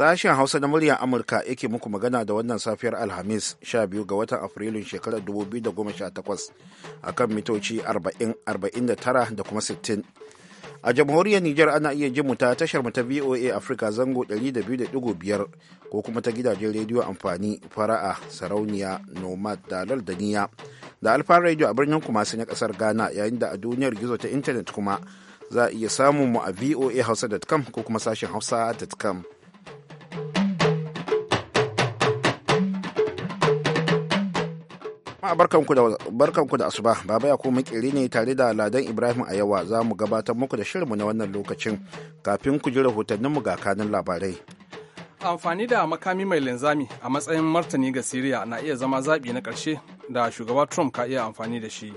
Sashen Hausa na muryar Amurka yake muku magana da wannan safiyar Alhamis 12 ga watan Afrilun shekarar 2018 kan mitoci 40-49 da kuma 60. A jamhuriyar Nijar ana iya jin ta tashar mu ta VOA Africa zango 200.5 ko kuma ta gidajen rediyo amfani fara'a sarauniya nomad dalar da niya da alfa rediyo a birnin kuma na kasar Ghana yayin da a duniyar gizo ta intanet kuma za a iya samun mu a voahausa.com ko kuma sashen hausa.com. barkanku da asuba baba ya kuma kiri ne tare da ladan ibrahim a yawa za mu gabatar muku da shirinmu na wannan lokacin kafin ku ji rahotanninmu ga kanin labarai amfani da makami mai linzami a matsayin martani ga siriya na iya zama zaɓi na ƙarshe da shugaba trump ka iya amfani da shi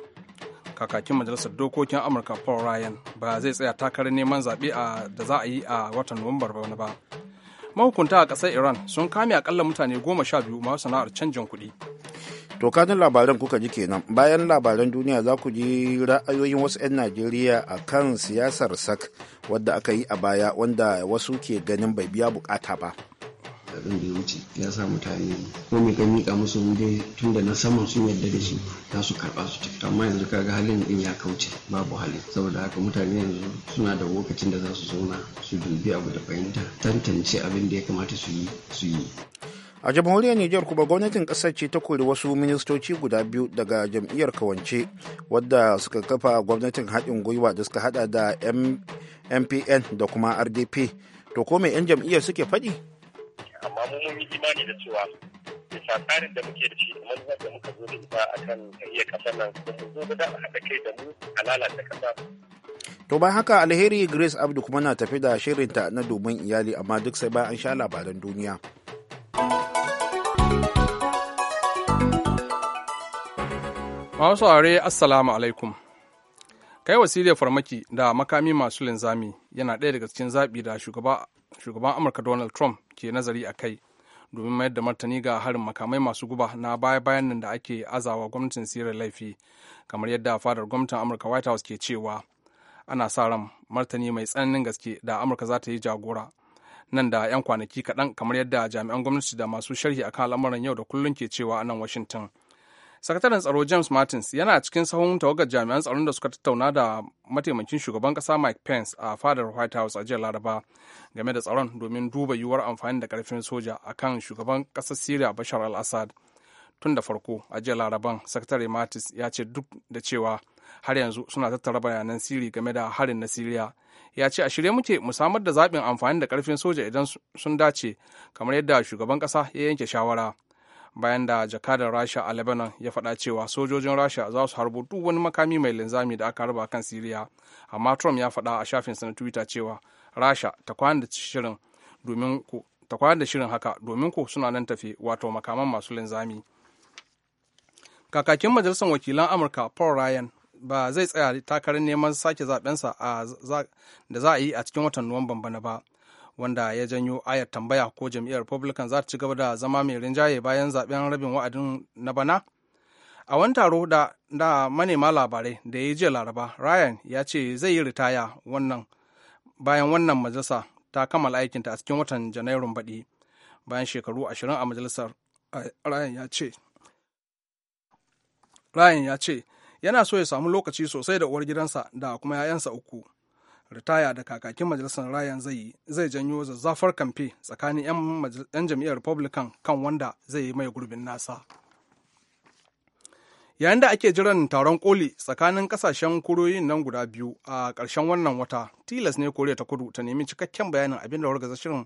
kakakin majalisar dokokin amurka paul ryan ba zai tsaya takarar neman zaɓe da za a yi a watan nuwambar ba mahukunta a ƙasar iran sun kame akalla mutane goma sha biyu masu sana'ar canjin kuɗi to kanin labaran kuka ji kenan bayan labaran duniya za ku ji ra'ayoyin wasu 'yan najeriya a kan siyasar sak wadda aka yi a baya wanda wasu ke ganin bai biya bukata ba yasa da ya wuce ya sa mutane ko mai ka miƙa musu wunde tun da na saman sun yarda da shi za su karɓa su tafi amma yanzu kaga halin din ya kauce babu hali saboda haka mutane yanzu suna da lokacin da za su zauna su dubi abu da fahimta tantance abin da ya kamata su yi su yi a jamhuriyar niger kuma gwamnatin kasar ce ta kori wasu ministoci guda biyu daga jam'iyyar kawance wadda suka kafa gwamnatin haɗin gwiwa da suka hada da mpn da kuma rdp to ko mai 'yan jam'iyyar suke faɗi amma mu mun yi imani da cewa bisa tsarin da muke da shi da manufar da muka zo da ita akan iya kasar nan da mu zo da haɗa kai da mu a lalata kasa To bayan haka alheri Grace Abdu kuma na tafi da shirinta na domin iyali amma duk sai bayan an sha labaran duniya. Masu aure Assalamu alaikum. Kai wasiliyar farmaki da makami masu linzami yana ɗaya daga cikin zaɓi da shugaba shugaban amurka donald trump ke nazari a kai domin mayar da martani ga harin makamai masu guba na baya-bayan nan da ake azawa gwamnatin sierra laifi kamar yadda fadar gwamnatin amurka white house ke cewa ana sa ran martani mai tsananin gaske da amurka za ta yi jagora nan da 'yan kwanaki kaɗan kamar yadda jami'an gwamnati da masu sharhi akan al'amuran yau da kullum ke cewa a nan washington sakataren tsaro james martins yana cikin sahun tawagar jami'an tsaron da suka tattauna da mataimakin shugaban kasa mike pence a fadar white house a jiya laraba game da tsaron domin duba yiwuwar amfani da karfin soja a kan shugaban kasar syria bashar al-assad tun da farko a jiya laraban sakatare martins ya ce duk da cewa har yanzu suna tattara bayanan siri game da harin na syria ya ce a shirye muke mu samar da zaɓin amfani da karfin soja idan sun dace kamar yadda shugaban ƙasa ya yanke shawara bayan da jakadar rasha a lebanon ya faɗa cewa sojojin rasha za su harbo duk wani makami mai linzami da aka harba kan siriya amma trump ya faɗa a shafinsa na twitter cewa rasha ta kwana da shirin haka domin ku suna nan tafi wato makaman masu linzami kakakin majalisar wakilan amurka paul ryan ba zai tsaya takarar neman sake zabensa da za a yi a cikin watan nuwan bana ba wanda ya janyo ayar tambaya ko jam'iyyar republican za ta ci gaba da zama mai rinjaye bayan zaben rabin wa'adin na bana a wani taro da, da manema labarai da ya jiya laraba ryan ya ce zai yi ritaya wannan bayan wannan majalisa ta kammala aikinta a cikin watan janairun baɗi bayan shekaru ashirin a majalisar ryan ya ce ryan ya ce yana so ya samu lokaci sosai da uwar gidansa da kuma 'ya'yansa uku ritaya da kakakin majalisar rayan zai zai janyo zazzafar kamfe tsakanin 'yan jam'iyyar republican kan wanda zai yi mai gurbin nasa yayin da ake jiran taron koli tsakanin kasashen kuroyin nan guda biyu a ƙarshen wannan wata tilas ne koriya ta kudu ta nemi cikakken bayanin abin da wargaza shirin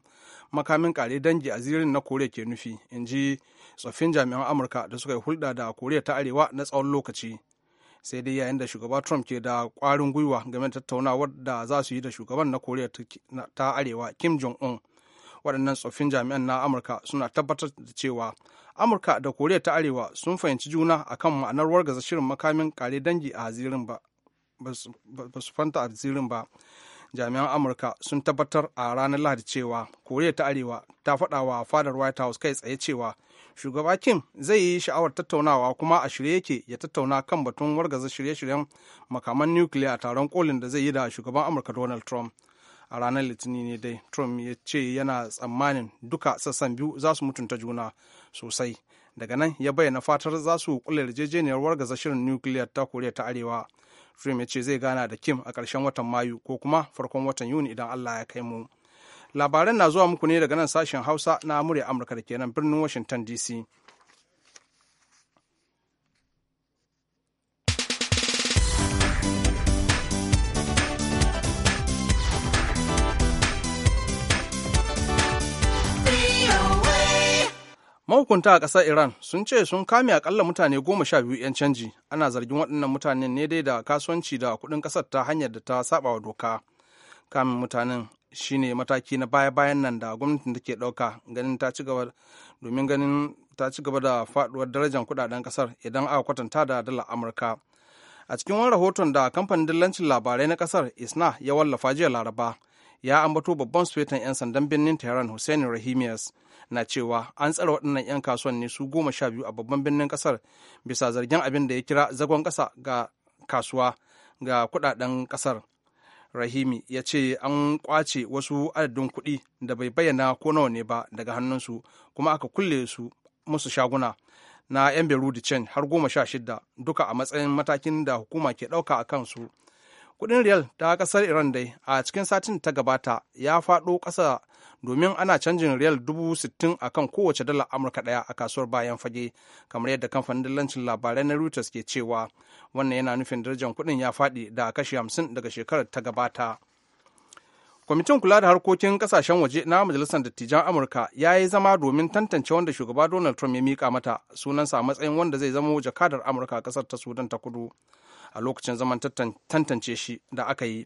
makamin kare dangi a zirin na koriya ke nufi in ji tsoffin jami'an amurka da suka yi hulɗa da koriya ta arewa na tsawon lokaci sai dai yayin da shugaba trump ke da kwarin gwiwa game da tattaunawar da za su yi da shugaban na koriya ta arewa kim jong un waɗannan tsoffin jami'an na amurka suna tabbatar da cewa amurka da koriya ta arewa sun fahimci juna akan ma'anar wargaza shirin makamin kare dangi a zirin fanta a zirin ba jami'an amurka sun tabbatar a ranar lahadi cewa koriya ta arewa ta faɗa wa fadar white house kai tsaye cewa shugaba kim zai yi sha'awar tattaunawa kuma a shirye yake ya tattauna kan batun wargaza shirye-shiryen makaman nukiliya a taron kolin da zai yi da shugaban amurka donald trump a ranar litinin ne dai trump ya ce yana tsammanin duka sassan biyu za su mutunta juna sosai daga nan ya bayyana fatar za su kula yarjejeniyar wargaza shirin nukiliya ta koriya ta arewa Frim ya ce zai gana da Kim a ƙarshen watan Mayu ko kuma farkon watan Yuni idan Allah ya kai mu. Labaran na zuwa muku ne daga nan sashen Hausa na murya Amurka da ke nan birnin Washington DC. mahukunta a ƙasar iran sun ce sun kame akalla mutane goma sha biyu 'yan canji ana zargin waɗannan mutanen ne dai da kasuwanci da kuɗin ƙasar ta hanyar da ta saba wa doka kamin mutanen shine mataki na baya-bayan nan da gwamnatin ke ɗauka ganin ta ci gaba domin ganin ta ci gaba da faɗuwar darajar kuɗaɗen ƙasar idan aka kwatanta da dala amurka a cikin wani rahoton da kamfanin dillancin labarai na ƙasar isna ya wallafa jiya laraba ya ambato babban sufetan 'yan sandan birnin tehran hussein rahimiyas na cewa an tsara waɗannan 'yan kasuwan ne su goma sha biyu a babban birnin ƙasar bisa zargin abin da ya kira zagon ƙasa ga kasuwa ga kuɗaɗen ƙasar rahimi ya ce an ƙwace wasu adadin kuɗi da bai bayyana ko nawa ne ba daga hannunsu kuma aka kulle su musu shaguna na 'yan berudi chen har goma sha shida duka a matsayin matakin da hukuma ke ɗauka a kansu kuɗin riyal ta ƙasar iran dai a cikin satin ta gabata ya faɗo ƙasa domin ana canjin riyal dubu sittin a kan kowace dala amurka ɗaya a kasuwar bayan fage kamar yadda kamfanin dillancin labarai na reuters ke cewa wannan yana nufin darajar kuɗin ya faɗi da kashi hamsin daga shekarar ta gabata kwamitin kula da harkokin kasashen waje na majalisar dattijan amurka ya yi zama domin tantance wanda shugaba donald trump ya mika mata sunansa a matsayin wanda zai zama jakadar amurka a kasar ta sudan ta kudu a lokacin zaman tantance shi da aka yi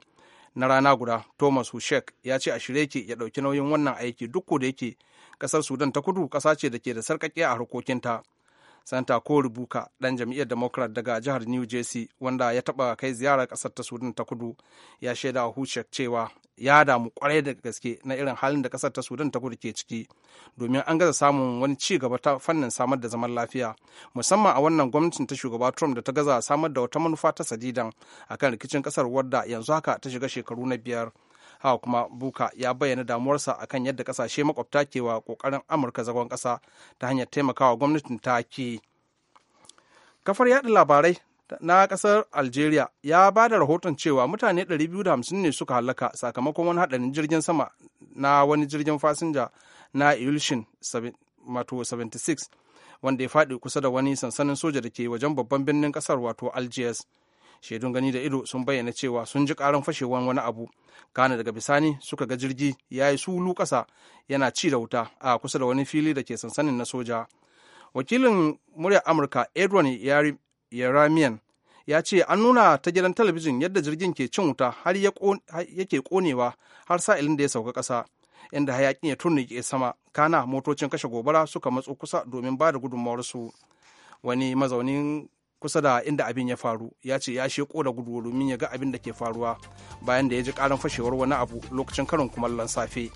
na rana guda thomas hushek ya ce a shirye ke ya ɗauki nauyin wannan aiki duk da yake ƙasar sudan ta kudu ƙasa ce da ke da sarƙaƙiya a harkokinta santa ko rubuka ɗan jam'iyyar democrat daga jihar new jersey wanda ya taɓa kai ziyarar ƙasar ta sudan ta kudu ya shaida hushek cewa ya damu kwarai da gaske na irin halin da kasar ta sudan ta kudu ke ciki domin an gaza samun wani ci gaba ta fannin samar da zaman lafiya musamman a wannan gwamnatin ta shugaba trump da ta gaza samar da wata manufa ta sadidan akan rikicin kasar wadda yanzu haka ta shiga shekaru na biyar haka kuma buka ya bayyana damuwarsa akan yadda kasashe makwabta ke wa kokarin amurka zagon kasa ta hanyar taimakawa gwamnatin ta ke kafar yaɗa labarai na kasar algeria ya ba da rahoton cewa mutane 250 ne suka halaka sakamakon wani hadarin jirgin sama na wani jirgin fasinja na ilishin 76 wanda ya faɗi kusa da wani sansanin soja da ke wajen babban birnin kasar wato algiers shaidun gani da ido sun bayyana cewa sun ji karan fashewan wani abu kana daga bisani suka ga jirgi ya yi sulu ƙasa yana ci da wuta a kusa da wani fili da ke sansanin na soja wakilin muryar amurka edwin yeramian ya ce an nuna ta gidan talabijin yadda jirgin ke cin wuta har yake konewa har sa'ilin da ya sauka ƙasa inda hayakin ya ke sama kana motocin kashe gobara suka matso kusa domin ba da su wani mazaunin kusa da inda abin ya faru ya ce ya sheko da gudu domin ya ga abin da ke faruwa bayan da ya ji karin fashewar wani abu lokacin karin kumallon safe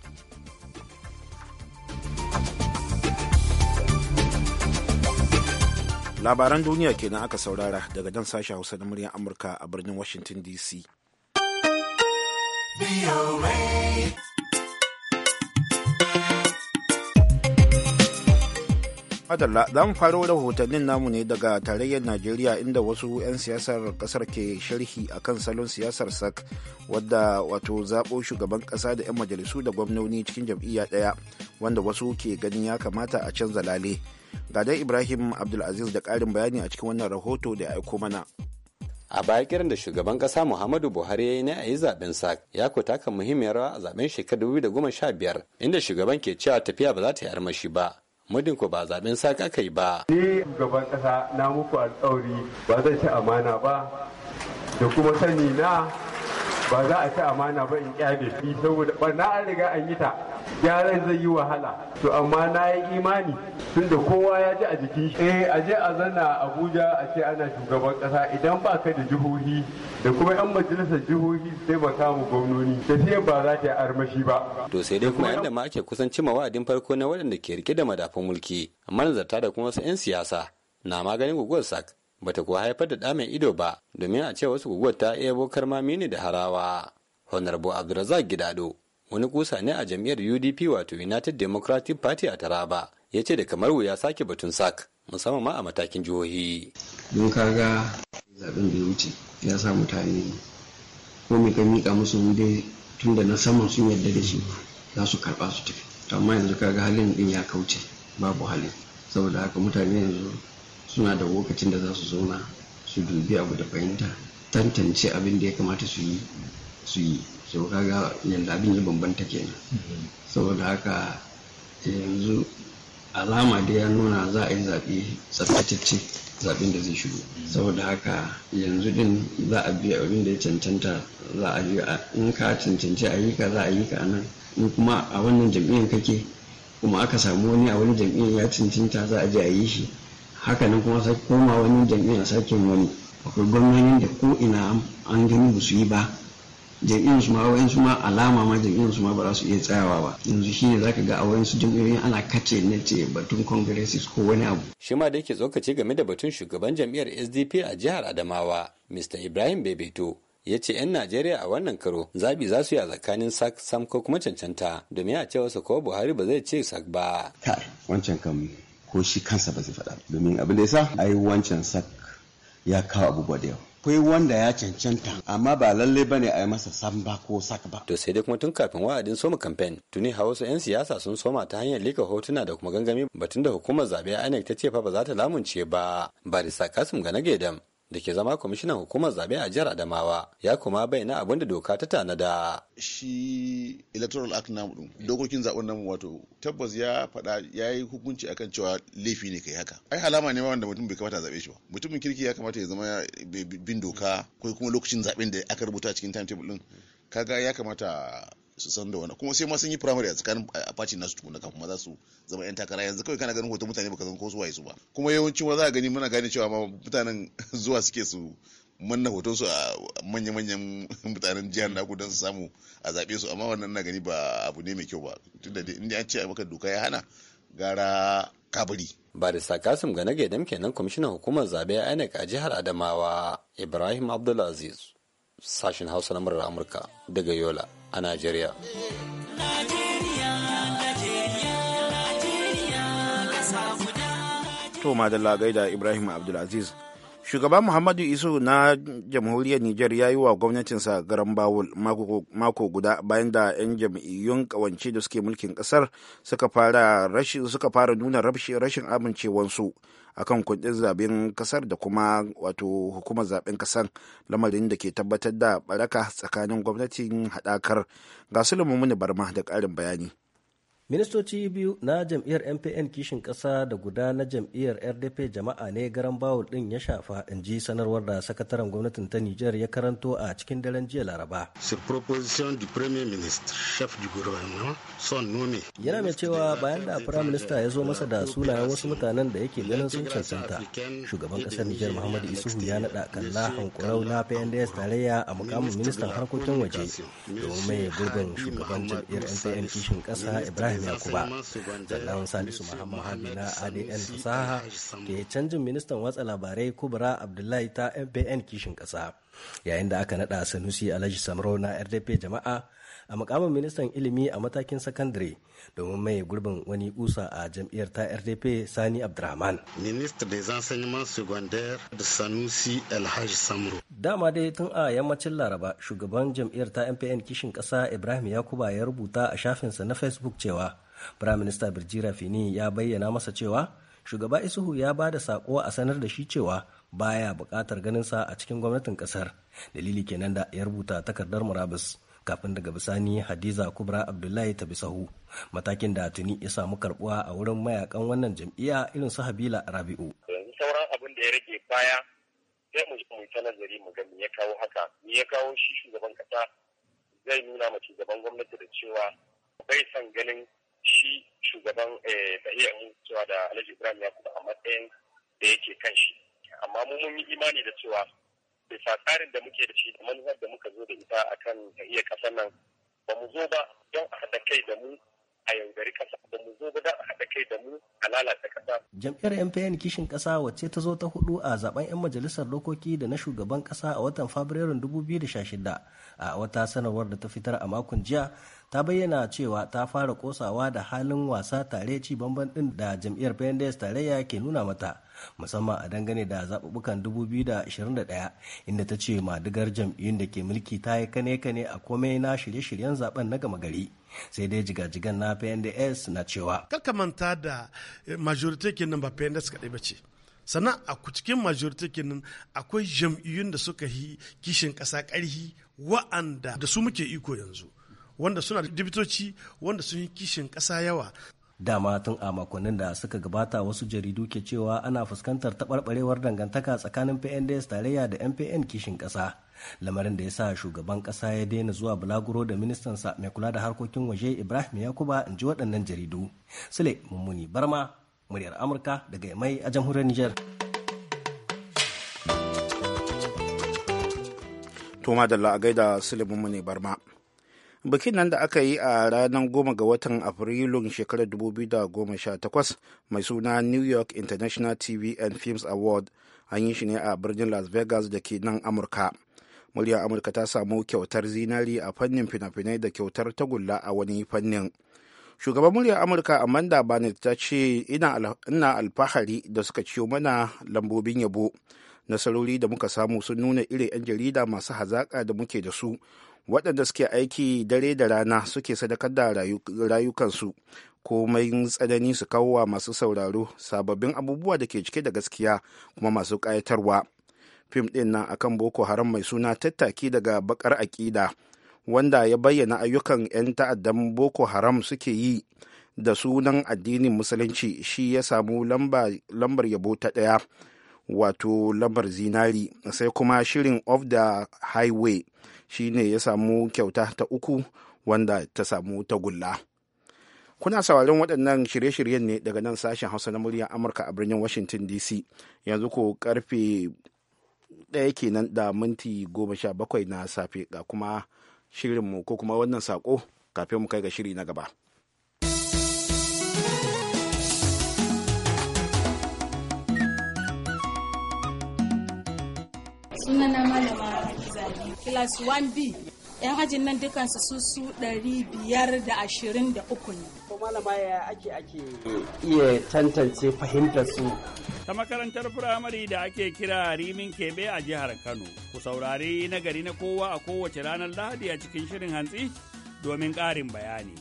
labaran duniya kenan aka saurara daga dan sashi hausa na muryar amurka a birnin washington dc Madalla za mu faro rahotannin namu ne daga tarayyar Najeriya inda wasu 'yan siyasar kasar ke sharhi a kan salon siyasar SAC wadda wato zaɓo shugaban ƙasa da 'yan majalisu da gwamnoni cikin jam'iyya ɗaya wanda wasu ke ganin ya kamata a canza lale Ga dai Ibrahim Abdulaziz da karin bayani a cikin wannan rahoto da ya aiko mana. a baya kiran da shugaban kasa muhammadu buhari ya yi na a yi zaben sa ya ko taka muhimmiyar rawa a zaben shekarar biyar, inda shugaban ke cewa tafiya ba za ta yi armashi ba muddin ko ba zaben sa aka yi ba ni shugaban kasa na muku alkawari ba zan ci amana ba da kuma sani na ba za a ci amana ba in kyale shi saboda na an riga an yi ta gyaran zai yi wahala to amma na yi imani tunda kowa ya ji a jiki eh a je a zana abuja a ce ana shugaban kasa idan ba ka da jihohi da kuma yan majalisar jihohi sai ba samu gwamnoni sai ba za ta yi armashi ba to sai dai kuma yanda ma ake kusan cima wa'adin farko na waɗanda ke rike da madafun mulki manazarta da kuma wasu 'yan siyasa na maganin guguwar sak bata kuwa haifar da damin ido ba domin a ce wasu guguwar ta iya bokar ma ne da harawa honarbo abdulrazak gidado wani kusa ne a jam'iyyar udp wato united democratic party a taraba ya ce da kamar wuya sake batun sak musamman ma a matakin jihohi. Mun kaga zaben ya wuce ya sa mutane ko mai kan miƙa musu wude tun da na saman sun yarda da shi za su karɓa su tafi. Amma yanzu kaga halin ɗin ya kauce babu halin saboda haka mutane yanzu suna da lokacin da za su zauna su dubi abu da fahimta tantance abin da ya kamata su yi su yi sau kaga yanzu abin ya bambanta kenan mm-hmm. saboda haka yanzu alama da ya nuna za a yi zaɓe tsaftatacce zaɓen da zai shigo saboda haka yanzu din za a biya abin da ya cancanta za a yi in ka cancanci a yi ka za a yi ka nan in kuma a wannan jam'iyyar kake kuma aka samu wani a wani jam'iyyar ya cancanta za a je a yi shi haka nan kuma sai koma wani jam'iyyar sakin wani akwai gwamnonin da ko ina an gani ba su yi ba jam'iyyar su ma wayan su ma alama ma jam'iyyar su ma ba za su iya tsayawa ba yanzu shine zaka ga a wayan su jam'iyyoyin ana kace na ce batun congresses ko wani abu shi ma da yake tsokace game da batun shugaban jam'iyyar SDP a jihar Adamawa Mr Ibrahim Bebeto ya ce 'yan najeriya a wannan karo zabi za su yi a tsakanin sak sam ko kuma cancanta domin a ce wasu ko buhari ba zai ce sak ba kai wancan kan ko shi kansa ba zai faɗa domin abin da ya sa ai wancan sak ya kawo abubuwa da yawa akwai wanda ya cancanta amma ba lalle ba ne a yi masa samba ko sak ba. To sai dai kuma tun kafin wa'adin soma kamfen tuni hawa 'yan siyasa sun soma ta hanyar lika hotuna da kuma gangami batun da hukumar zaɓe INEC ta ce fa ba za ta lamunce ba. ga Kasim gedan da ke zama kwamishinan hukumar zabe a jihar Adamawa ya kuma bayyana abin da doka ta tanada. Shi electoral act namu din dokokin zaben namu wato tabbas ya fada ya yi hukunci akan cewa laifi ne kai haka. Ai alama ne wanda mutum bai kamata zabe shi ba. Mutumin kirki ya kamata ya zama bin doka ko kuma lokacin zaben da aka rubuta cikin timetable din. Kaga ya kamata su san da wani kuma sai ma sun yi primary a tsakanin a faci nasu tukuna kafin ma za su zama yan takara yanzu kawai kana ganin hoton mutane baka san ko su waye su ba kuma yawanci wani za a gani muna gane cewa ma mutanen zuwa suke su manna hoton su a manya-manyan mutanen jihar naku don su samu a zaɓe su amma wannan na gani ba abu ne mai kyau ba tunda inda an ce a maka doka ya hana gara da Barista Kasim gane dam kenan kwamishinan hukumar zaɓe a INEC a jihar Adamawa Ibrahim Abdulaziz sashen Hausa na murar Amurka daga Yola a najeriya to madalla gaida ibrahim abdulaziz shugaban muhammadu isu na jamhuriyar niger ya yi wa gwamnatinsa garan bawul mako guda bayan da 'yan jam'iyyun kawance da suke mulkin kasar suka fara nuna rashin amincewansu kan kundin zaben kasar da kuma wato hukumar zaben kasar lamarin da ke tabbatar da baraka tsakanin gwamnatin haɗakar ga muni barma da ƙarin bayani ministoci biyu na jam'iyyar mpn kishin ƙasa da guda na jam'iyyar rdp jama'a ne garan bawul ɗin ya shafa in ji sanarwar da sakataren gwamnatin ta nijar ya karanto a cikin daren jiya laraba sur proposition du premier ministre chef du gouvernement son nomi. yana mai cewa bayan da prime minister ya zo masa da sunayen wasu mutanen da yake ganin sun cancanta shugaban ƙasar nijar muhammadu isuhu ya naɗa kalla hankulau na pnds tarayya a mukamin ministan harkokin waje domin mai gurbin shugaban jam'iyyar mpn kishin ƙasa ibrahim Ibrahim Yakuba sannan Salisu mahamma na ADN fasaha ke canjin ministan watsa labarai Kubra Abdullahi ta MBN kishin ƙasa yayin da aka naɗa Sanusi Alhaji Samro na RDP jama'a a makamin ministan ilimi a matakin sakandare domin mai gurbin wani kusa a jam'iyyar ta rdp sani abdurrahman minista des enseignements secondaires da sanusi alhaji samro dama dai tun a yammacin laraba shugaban jam'iyyar ta mpn kishin kasa ibrahim yakuba ya rubuta a shafinsa na facebook cewa firaminista birjira fini ya bayyana masa cewa shugaba isuhu ya ba da sako a sanar da shi cewa baya ganin ganinsa a cikin gwamnatin kasar dalili kenan da ya rubuta takardar murabus kafin daga bisani hadiza kubra abdullahi ta bi sahu matakin da tuni ya samu karbuwa a wurin mayakan wannan jam'iyya irin su habila rabi'u yanzu sauran abin da ya rage baya sai mu mu ta nazari mu ga me ya kawo haka me ya kawo shi shugaban kasa zai nuna ma shugaban gwamnati da cewa bai san ganin shi shugaban eh, tahiyar cewa da alhaji ibrahim ya kuma a matsayin da yake kan shi amma mu mun yi imani da cewa bisa tsarin da muke da shi da manufar da muka zo da ita akan iya kasa nan ba mu zo ba don a haɗa kai da mu a yaudari kasa ba mu zo ba don a haɗa kai da mu a lalata kasa. Jam'iyyar MPN kishin ƙasa wacce ta zo ta hudu a zaben 'yan majalisar dokoki da na shugaban ƙasa a watan Fabrairun 2016 a wata sanarwar da ta fitar a makon jiya ta bayyana cewa ta fara kosawa da halin wasa tare ci bamban din da jam'iyyar pendes tarayya ke nuna mata musamman a dangane da zaɓuɓɓukan 2021 inda ta ce madigar jam'iyyun da ke mulki ta yi kane-kane a komai na shirye-shiryen zaben na gama gari sai dai jigajigan na pnds na cewa kaka manta da majority nan ba pnds kaɗai ba ce sannan a cikin majority nan akwai jam'iyyun da suka yi kishin ƙasa ƙarhi wa'anda da su muke iko yanzu wanda suna da dibitoci wanda sun yi kishin ƙasa yawa dama tun a makonnin da suka gabata wasu jaridu ke cewa ana fuskantar taɓarɓarewar dangantaka tsakanin pnds tarayya da mpn kishin ƙasa lamarin da ya sa shugaban ƙasa ya daina zuwa bulaguro da ministansa mai kula da harkokin waje ibrahim yakuba in ji waɗannan jaridu sule mummuni barma muryar amurka daga mai a jamhuriyar niger to madalla a gaida sule mummuni barma bikin nan da aka yi a ranar goma ga watan afrilun shekarar 2018 mai suna new york international tv and films award an yi shi ne a birnin las vegas da ke nan amurka muryar amurka ta samu kyautar zinari a fannin fina-finai da kyautar tagulla a wani fannin shugaban muryar amurka amanda barnett ta ce ina alfahari da suka ciyo mana lambobin yabo nasarori da muka samu sun nuna irin 'yan jarida masu hazaƙa da muke da su waɗanda suke aiki dare da rana suke sadakar da rayukansu komai tsanani su kawo wa masu sauraro sababbin abubuwa da ke cike da gaskiya kuma masu ƙayatarwa fim ɗin nan akan boko haram mai suna tattaki daga bakar aƙida wanda ya bayyana ayyukan 'yan ta'addan boko haram suke yi da sunan addinin musulunci shi ya samu lambar yabo ta ɗaya wato lambar zinari sai kuma shirin of the highway shi ne ya samu kyauta ta uku wanda ta samu tagulla kuna sauraron waɗannan shirye-shiryen ne daga nan sashen hausa na muryar amurka a birnin washington dc yanzu ko karfe ɗaya kenan da minti goma sha bakwai na safe ga kuma shirinmu ko kuma wannan sako kafin mu kai ga shiri na gaba. sunana malama class 1b yan ajin nan dukansu su su 523 ne ko malama ya ake ake iya tantance fahimtar su ta makarantar firamare da ake kira rimin kebe a jihar kano ku saurari nagari na kowa a kowace ranar lahadi a cikin shirin hantsi domin ƙarin bayani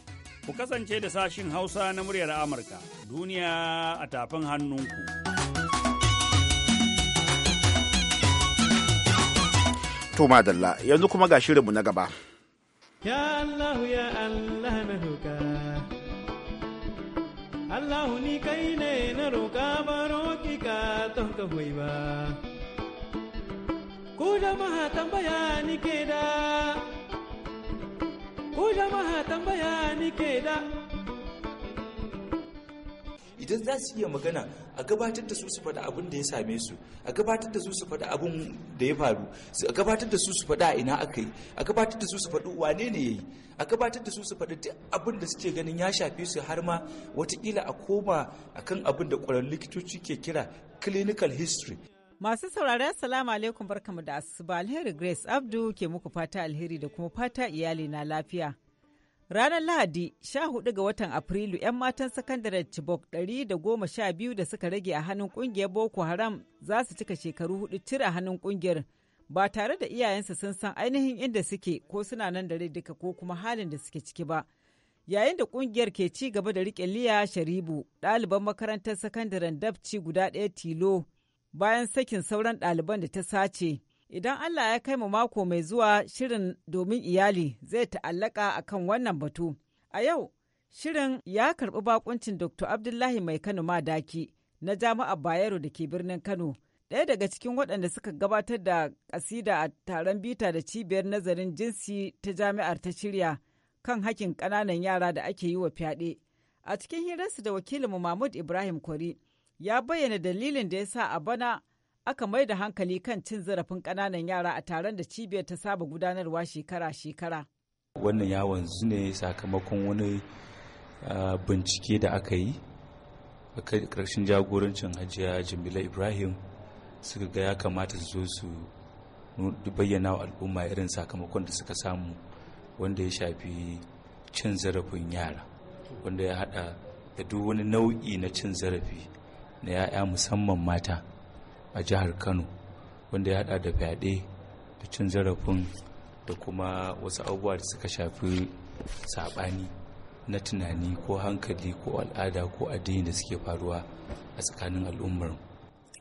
ku kasance da sashin hausa na muryar amurka duniya a tafin hannunku. to madalla yanzu kuma ga shirinmu na gaba ya allah ya allah na roka allah ni kai ne na roƙa ba roƙi ka to ka hoyi ba ku jama'a tambaya ni ke da ku jama'a tambaya ni ke da idan za su iya magana a gabatar da su su faɗa abin da ya same su a gabatar da su su faɗa abin da ya faru a gabatar da su su faɗa a ina aka yi a gabatar da su su faɗi wane ne ya yi a gabatar da su su faɗi duk abin da suke ganin ya shafe su har ma watakila a koma akan abin da ƙwararrun likitoci ke kira clinical history Masu saurari Assalamu alaikum barkamu da asuba alheri Grace Abdu ke muku fata alheri da kuma fata iyali na lafiya. Ranar Lahadi 14 ga watan Afrilu 'yan matan sakandaren Chibok 112 da suka rage a hannun kungiyar Boko Haram za su cika shekaru hudu cire hannun kungiyar ba tare da iyayensu sun san ainihin inda suke ko suna nan da rai duka ko kuma halin da suke ciki ba. Yayin da kungiyar ke ci gaba da rike Liya Sharibu ɗaliban makarantar sakandaren Dabci guda ɗaya tilo bayan sakin sauran ɗaliban da ta sace Idan Allah ya kai mu mako mai zuwa shirin domin iyali zai ta'allaka kan wannan batu. A yau, shirin ya karɓi bakuncin Dr. Abdullahi Mai Kano Madaki na Jami'ar Bayero da ke birnin Kano. Ɗaya daga cikin waɗanda suka gabatar da ƙasida a taron bita da cibiyar nazarin jinsi ta jami'ar ta shirya kan hakkin ƙananan yara da ake yi wa fyaɗe. A cikin hirarsu da wakilinmu Mahmud Ibrahim Kwari ya bayyana dalilin da ya sa a bana aka mai da hankali kan cin zarafin ƙananan yara a taron da cibiyar ta saba gudanarwa shekara-shekara. Wannan yawon wanzu ne sakamakon wani ah, bincike da aka yi a ƙarshen jagorancin hajiya Jamila Ibrahim suka ga ya kamata su zo su bayyana wa al'umma irin sakamakon da suka samu wanda ya shafi cin zarafin yara wanda ya haɗa da duk wani nau'i na cin zarafi na 'ya'ya musamman mata. a jihar kano wanda ya hada da fyaɗe da cin zarafin da kuma wasu abubuwa da suka shafi saɓani na tunani ko hankali ko al'ada ko addini da suke faruwa a tsakanin al'ummar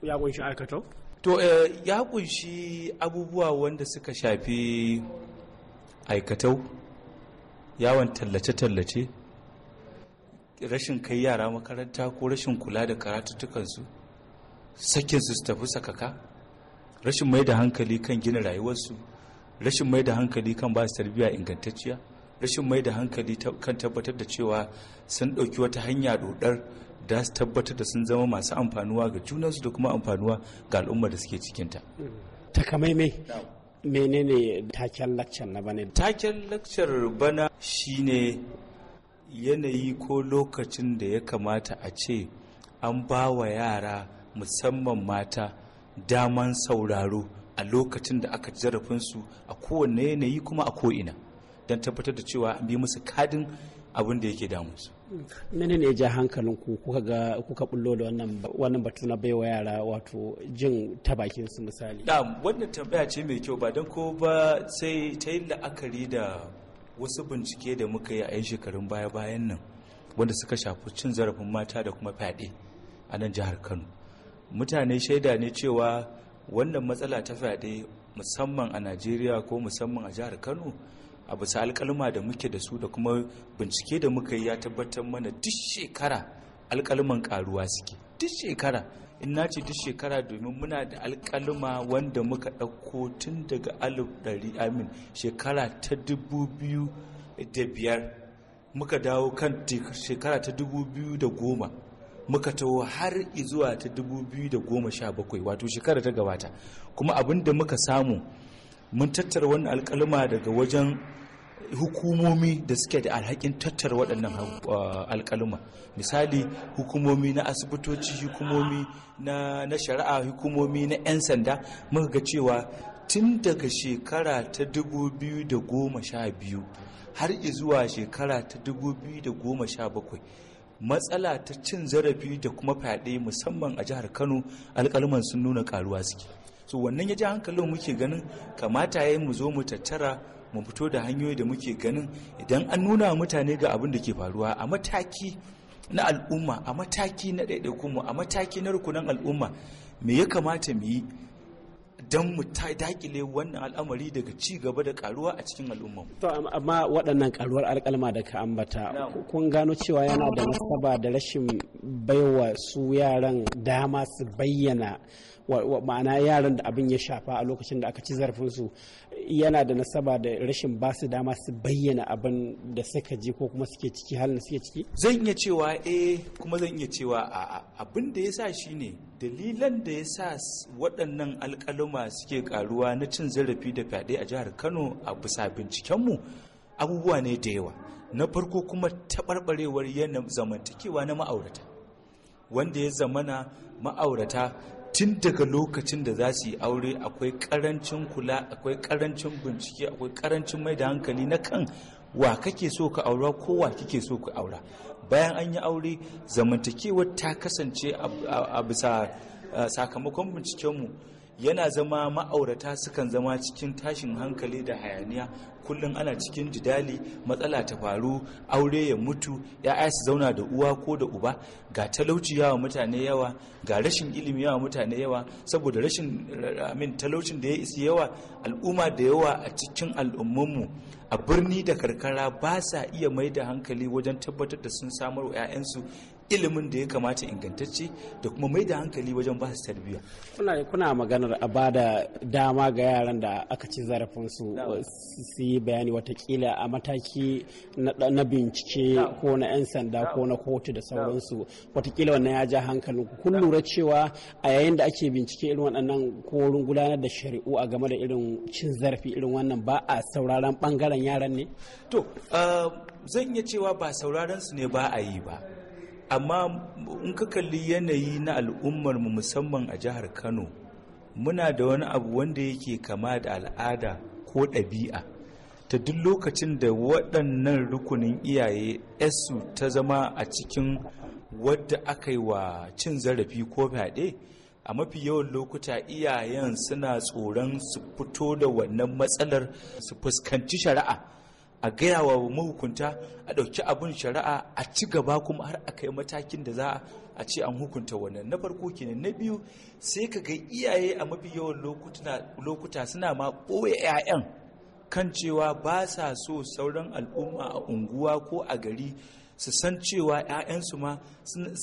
ya kunshi aikatau to eh, ya kunshi abubuwa wanda suka shafi aikatau yawon tallace-tallace rashin kai yara makaranta ko rashin kula da karatuttukansu sakin su tafi sakaka rashin mai da hankali kan gina rayuwarsu rashin mai da hankali kan ba su tarbiyya ingantacciya rashin mai da hankali kan tabbatar da cewa sun ɗauki wata hanya dodar da su tabbatar da sun zama masu amfanuwa ga junansu da kuma amfanuwa ga al'ummar da suke cikinta. takamaimai menene taken lakcar na bana taken lakcar bana shine yanayi ko lokacin da ya kamata a ce an ba wa yara musamman mata daman sauraro a lokacin da aka zarafinsu a kowane yanayi kuma a ko'ina don tabbatar da cewa an bi musu kadin abin da yake damunsu. Mene ne ja hankalin ku kuka ga kuka bullo da wannan wannan batu na baiwa yara wato jin tabakin su misali. Da wannan tambaya ce mai kyau ba don ko ba sai ta yi la'akari da wasu bincike da muka yi a yan shekarun baya bayan nan wanda suka shafi cin zarafin mata da kuma fyaɗe a nan jihar Kano. mutane shaida ne cewa wannan matsala ta fyaɗe musamman a najeriya ko musamman a jihar kano a bisa alkalma da muke da su da kuma bincike da muka yi ya tabbatar mana duk shekara alkalman karuwa suke duk shekara in na ce duk shekara domin muna da alkalma wanda muka ɗauko tun daga alif ɗari amin shekara ta dubu biyu da biyar muka dawo kan shekara ta dubu biyu da goma muka taho har zuwa ta 2017 wato shekara ta gabata kuma abin da muka samu mun tattara wani alkalima daga wajen hukumomi da suke da alhakin tattara waɗannan ah, alkalima misali hukumomi na asibitoci hukumomi na shari'a hukumomi na 'yan sanda muka ga cewa tun daga shekara ta 2012 har zuwa shekara ta 2017 matsala ta cin zarafi da kuma fyaɗe musamman a jihar kano alƙalman sun nuna karuwa suke so wannan ya ji hankalin muke ganin kamata ya yi mu zo mu tattara mu fito da hanyoyi da muke ganin idan an nuna mutane ga abin da ke faruwa a mataki na al'umma a mataki na ɗaiɗaikunmu a mataki na rukunan al'umma me ya kamata mu yi don mu ta dakile wannan al'amari daga ci gaba da karuwa a cikin al'umma. To amma waɗannan karuwar alƙalma da ka ambata kun gano cewa yana da nasaba da rashin baiwa su yaran dama su bayyana ma'ana yaran da abin ya shafa a lokacin da aka ci zarafinsu yana da nasaba da rashin ba su dama su bayyana abin da suka ji ko kuma suke ciki halin suke ciki zan iya cewa eh kuma zan iya cewa a'a abin da ya sa shi ne dalilan da ya sa waɗannan alƙaluma suke karuwa na cin zarafi da fyaɗe a jihar kano a bisa bincikenmu abubuwa ne da yawa na farko kuma taɓarɓarewar yana zamantakewa na ma'aurata wanda ya zamana ma'aurata tun daga lokacin da za su yi aure akwai karancin kula akwai karancin bincike akwai karancin mai da hankali na kan wa kake so ka aura ko wa kike so ka aura bayan an yi aure zamantakewar ta kasance a bisa sakamakon bincikenmu yana zama ma'aurata sukan zama cikin tashin hankali da hayaniya kullum ana cikin jidali matsala ta faru aure ya mutu ya'ya su zauna da uwa ko da uba ga talauci yawa mutane yawa ga rashin ilimi yawa mutane yawa saboda rashin amin talaucin da ya isi yawa al'umma da yawa a cikin al'ummanmu a birni da karkara ba sa iya mai da hankali wajen tabbatar da sun samar wa 'ya'yansu ilimin da ya kamata ingantacce da kuma mai da hankali wajen ba su tarbiyya. Kuna, kuna maganar a ba da dama ga yaran da aka ci zarafin su uh, su yi bayani watakila a mataki na bincike ko na 'yan sanda ko na kotu da sauransu watakila wannan ya ja hankalin kun lura cewa a yayin da ake bincike irin waɗannan korin gudanar da shari'u a game da irin cin zarafi irin wannan ba a sauraron bangaren yaran ne? To, uh, zan iya cewa ba sauraron su ne ba a yi ba. amma in ka kalli yanayi na al'ummar mu musamman a jihar kano muna da wani abu wanda yake kama da al'ada ko ɗabi'a ta duk lokacin da waɗannan rukunin iyaye su ta zama a cikin wadda aka yi wa cin zarafi ko fyaɗe a mafi yawan lokuta iyayen suna tsoron su fito da wannan matsalar su fuskanci shari'a a gaya wa mahukunta a ɗauki abin shari'a a ci gaba kuma har a kai matakin da za a ce an hukunta wannan na farko kenan na biyu sai ka ga iyaye a mafi yawan lokuta suna ma ɓoye 'ya'yan kan cewa ba sa so sauran al'umma a unguwa ko a gari su san cewa 'ya'yansu ma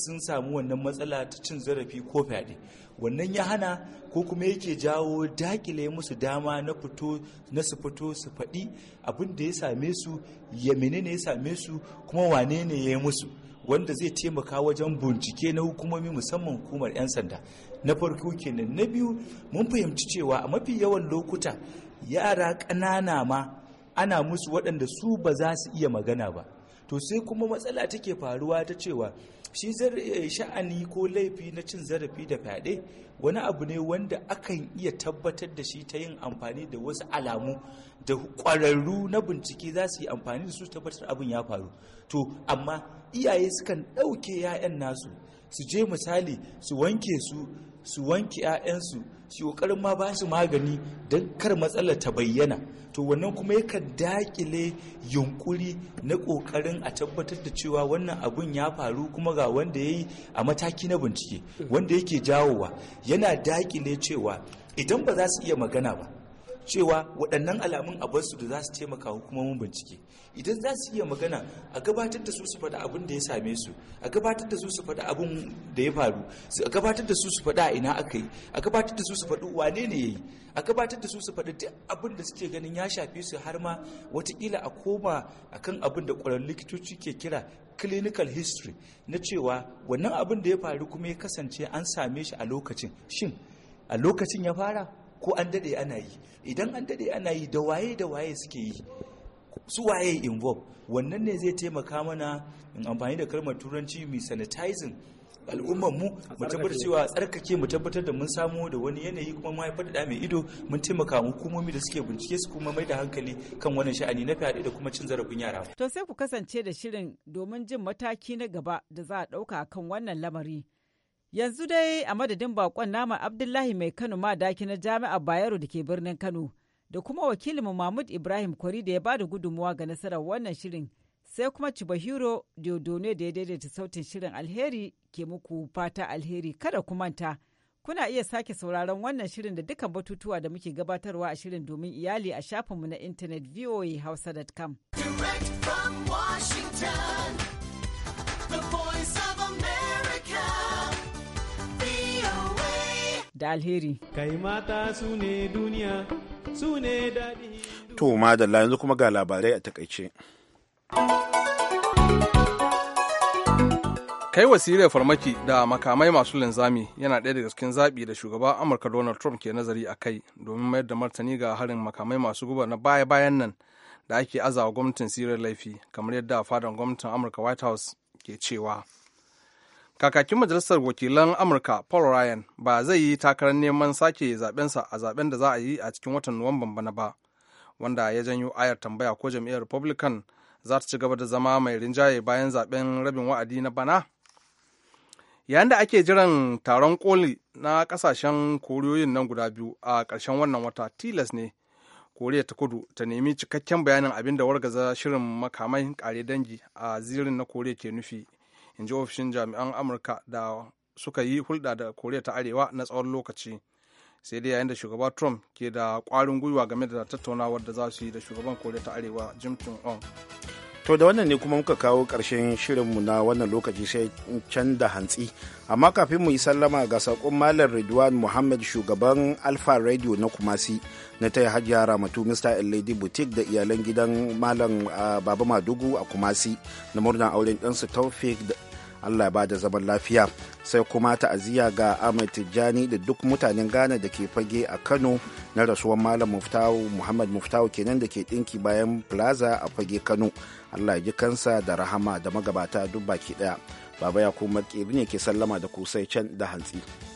sun samu wannan matsala ta cin zarafi ko fyaɗe wannan ya hana ko kuma yake jawo dakile musu dama na fito na su fito su faɗi abin da ya same su ya menene ya same su kuma wane ne ya yi musu wanda zai taimaka wajen bincike na hukumomi musamman hukumar 'yan sanda na farko kenan na biyu mun fahimci cewa a mafi yawan lokuta yara ƙanana ma ana musu waɗanda su ba za su iya magana ba to sai kuma matsala take faruwa ta cewa shi eh, sha'ani ko laifi na cin zarafi da fyaɗe wani abu ne wanda akan iya tabbatar da shi ta yin amfani da wasu alamu da ƙwararru na bincike za su yi amfani da su tabbatar abin ya faru to amma iyaye sukan ɗauke 'ya'yan nasu su je misali su wanke su su wanke 'ya'yansu su ƙoƙarin ma ba su magani don kar matsalar ta bayyana to wannan kuma yakan dakile yunkuri na ƙoƙarin a tabbatar da cewa wannan abun ya faru kuma ga wanda ya yi a mataki na bincike wanda yake jawowa yana dakile cewa idan ba za su iya magana ba cewa waɗannan alamun abarsu da za su taimaka hukumomin bincike idan za su iya magana a gabatar da su su faɗa abin da ya same su a gabatar da su su faɗa abin da ya faru a gabatar da su su faɗa a ina aka yi a gabatar da su su faɗi wane ne ya yi a gabatar da su su faɗi duk abin da suke ganin ya shafe su har ma watakila a koma akan abin da ƙwararrun likitoci ke kira clinical history na cewa wannan abin da ya faru kuma ya kasance an same shi a lokacin shin a lokacin ya fara ko an dade ana yi idan an dade ana yi da waye da waye suke yi su waye involve wannan ne zai taimaka mana in amfani da kalmar turanci mai sanitizing al'ummar mu mu tabbatar cewa tsarkake mu tabbatar da mun samu da wani yanayi kuma mu haifar da mai ido mun taimaka mu hukumomi da suke bincike su kuma mai da hankali kan wannan sha'ani na fyaɗe da kuma cin zarafin yara. To sai ku kasance da shirin domin jin mataki na gaba da za a ɗauka kan wannan lamari. Yanzu dai a madadin bakon nama Abdullahi mai Kano madaki na jami'ar Bayero da ke birnin Kano da kuma wakilinmu Mahmud Ibrahim Kwari da ya bada gudunmuwa ga nasarar wannan shirin sai kuma Chibahiro Diodone da ya daidaita sautin shirin alheri ke muku fata alheri kada ku manta. Kuna iya sake sauraron wannan shirin da dukkan batutuwa da muke gabatarwa a shirin domin iyali a shafinmu na intanet voahausa.com. Direct from da alheri. Kai mata su ne duniya, su ne daɗi. To, madalla yanzu kuma ga labarai a takaice. Kai wasiriyar farmaki da makamai masu linzami yana ɗaya daga cikin zaɓi da shugaban Amurka Donald Trump ke nazari a kai domin mayar da martani ga harin makamai masu guba na baya-bayan nan da ake azawa gwamnatin sirar laifi kamar yadda fadan gwamnatin Amurka White House ke cewa. kakakin majalisar wakilan amurka paul ryan ba zai yi takarar neman sake zaɓensa a zaɓen da za a yi a cikin watan nuwamban bana ba wanda ya janyo ayar tambaya ko jam'iyyar republican za ta ci gaba da zama mai rinjaye bayan zaɓen rabin wa'adi na bana yayin da ake jiran taron koli na kasashen koriyoyin nan guda biyu a ƙarshen wannan wata tilas ne koriya ta kudu ta nemi cikakken bayanin abin da wargaza shirin makamai kare dangi a zirin na koriya ke nufi in ji ofishin jami'an amurka da suka yi hulɗa da koriya ta arewa na tsawon lokaci sai dai yayin da shugaba trump ke da ƙwarin gwiwa game da tattaunawar da za su yi da shugaban koriya ta arewa jim tun to da wannan ne kuma muka kawo ƙarshen mu na wannan lokaci sai can da hantsi amma kafin mu yi sallama ga saƙon malam ridwan muhammad shugaban alfa radio na kumasi na taya hajiya ramatu mr lady boutique da iyalan gidan malam ah, baba madugu a kumasi na murnar auren ɗansu taufik allah ya bada zaman lafiya sai kuma ta'aziyya ga ahmed tijjani da duk mutanen ghana da ke fage a kano na rasuwar malam muftawu muhammad muftawu kenan da ke ɗinki bayan plaza a fage kano allah ya ji kansa da rahama da magabata duk baki ɗaya baba ya kuma ne ke sallama da kusai can da hantsi.